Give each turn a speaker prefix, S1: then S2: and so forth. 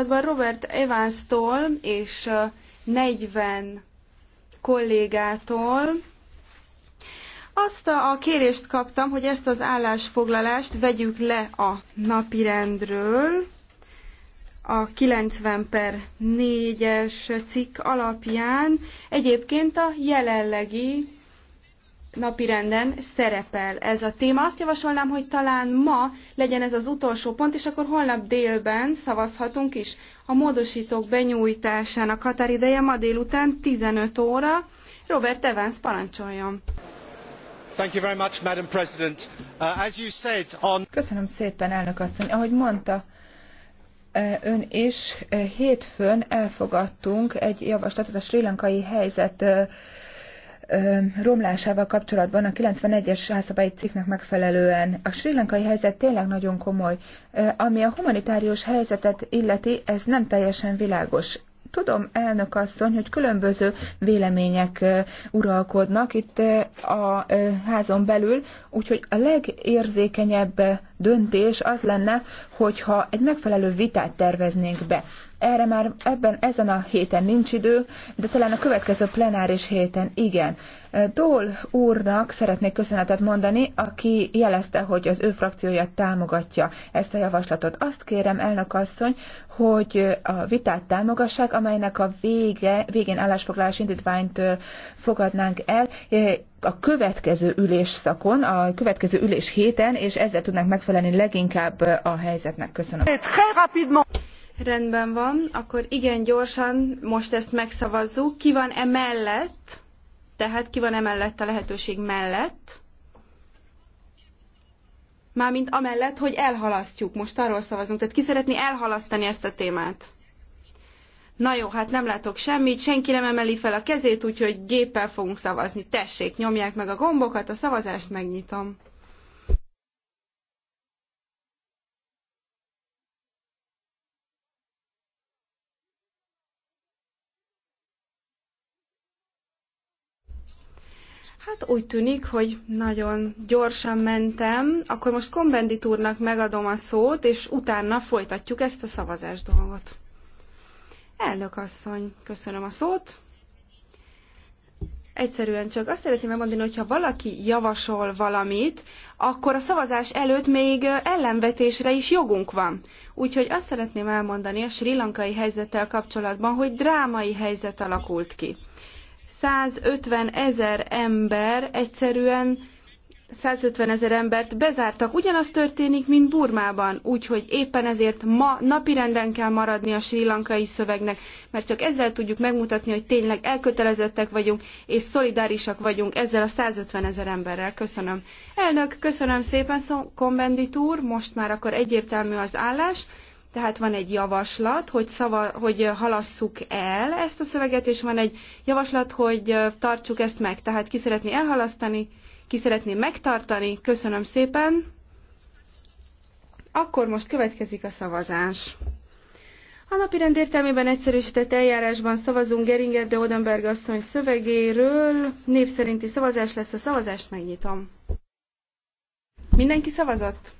S1: kapcsolatban Robert Evans-tól és 40 kollégától azt a kérést kaptam, hogy ezt az állásfoglalást vegyük le a napirendről a 90 per 4-es cikk alapján. Egyébként a jelenlegi napirenden szerepel ez a téma. Azt javasolnám, hogy talán ma legyen ez az utolsó pont, és akkor holnap délben szavazhatunk is. A módosítók benyújtásának határideje ma délután 15 óra.
S2: Robert Evans, parancsoljon!
S1: Much, Madam President. Uh,
S2: as you said on... Köszönöm szépen, elnök asszony. Ahogy mondta, e, Ön is e, hétfőn elfogadtunk egy javaslatot a sri lankai helyzet e, romlásával kapcsolatban a 91-es házszabályi cikknek megfelelően. A sri lankai helyzet tényleg nagyon komoly. Ami a humanitárius helyzetet illeti, ez nem teljesen világos. Tudom, elnök asszony, hogy különböző vélemények uralkodnak itt a házon belül, úgyhogy a legérzékenyebb döntés az lenne, hogyha egy megfelelő vitát terveznénk be. Erre már ebben ezen a héten nincs idő, de talán a következő plenáris héten igen. Dól úrnak szeretnék köszönetet mondani, aki jelezte, hogy az ő frakciója támogatja ezt a javaslatot. Azt kérem, elnök asszony, hogy a vitát támogassák, amelynek a vége, végén állásfoglalás indítványt fogadnánk el a következő ülésszakon, a következő ülés héten, és ezzel tudnánk megfelelni leginkább a helyzetnek. Köszönöm.
S1: Rendben van, akkor igen gyorsan most ezt megszavazzuk. Ki van emellett? Tehát ki van emellett a lehetőség mellett? Mármint amellett, hogy elhalasztjuk. Most arról szavazunk. Tehát ki szeretné elhalasztani ezt a témát? Na jó, hát nem látok semmit, senki nem emeli fel a kezét, úgyhogy géppel fogunk szavazni. Tessék, nyomják meg a gombokat, a szavazást megnyitom. Hát úgy tűnik, hogy nagyon gyorsan mentem. Akkor most Kombendit úrnak megadom a szót, és utána folytatjuk ezt a szavazás dolgot. Elnök asszony, köszönöm a szót. Egyszerűen csak azt szeretném megmondani, hogy ha valaki javasol valamit, akkor a szavazás előtt még ellenvetésre is jogunk van. Úgyhogy azt szeretném elmondani a sri lankai helyzettel kapcsolatban, hogy drámai helyzet alakult ki 150 ezer ember egyszerűen 150 ezer embert bezártak. Ugyanaz történik, mint Burmában, úgyhogy éppen ezért ma napirenden kell maradni a sri lankai szövegnek, mert csak ezzel tudjuk megmutatni, hogy tényleg elkötelezettek vagyunk, és szolidárisak vagyunk ezzel a 150 ezer emberrel. Köszönöm. Elnök, köszönöm szépen, Kombendit úr, most már akkor egyértelmű az állás. Tehát van egy javaslat, hogy, szava, hogy halasszuk el ezt a szöveget, és van egy javaslat, hogy tartsuk ezt meg. Tehát ki szeretné elhalasztani, ki szeretné megtartani. Köszönöm szépen. Akkor most következik a szavazás. A rend értelmében egyszerűsített eljárásban szavazunk Geringer de Odenberg asszony szövegéről. Név szerinti szavazás lesz a szavazást, megnyitom. Mindenki szavazott?